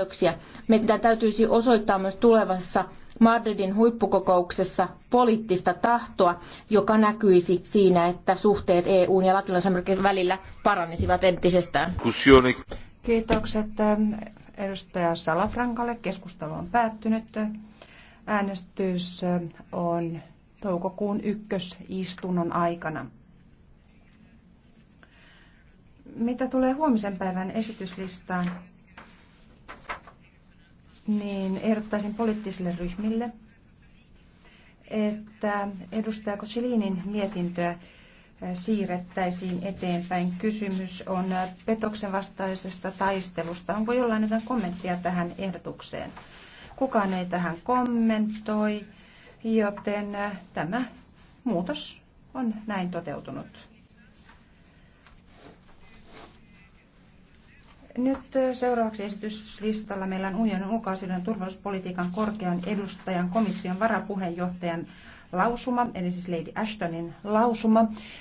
päätöksiä. Meidän täytyisi osoittaa myös tulevassa Madridin huippukokouksessa poliittista tahtoa, joka näkyisi siinä, että suhteet EUn ja Latinalaisen välillä parannisivat entisestään. Kiitokset eh, edustaja Salafrankalle. Keskustelu on päättynyt. Äänestys eh, on toukokuun ykkösistunnon aikana. Mitä tulee huomisen päivän esityslistaan, niin ehdottaisin poliittisille ryhmille, että edustaja Kosilinin mietintöä eh, siirrettäisiin eteenpäin. Kysymys on eh, petoksen vastaisesta taistelusta. Onko jollain jotain kommenttia tähän ehdotukseen? Kukaan ei tähän kommentoi, joten eh, tämä muutos on näin toteutunut. Nyt seuraavaksi esityslistalla meillä on unionin ulkoasioiden turvallisuuspolitiikan korkean edustajan komission varapuheenjohtajan lausuma, eli siis Lady Ashtonin lausuma.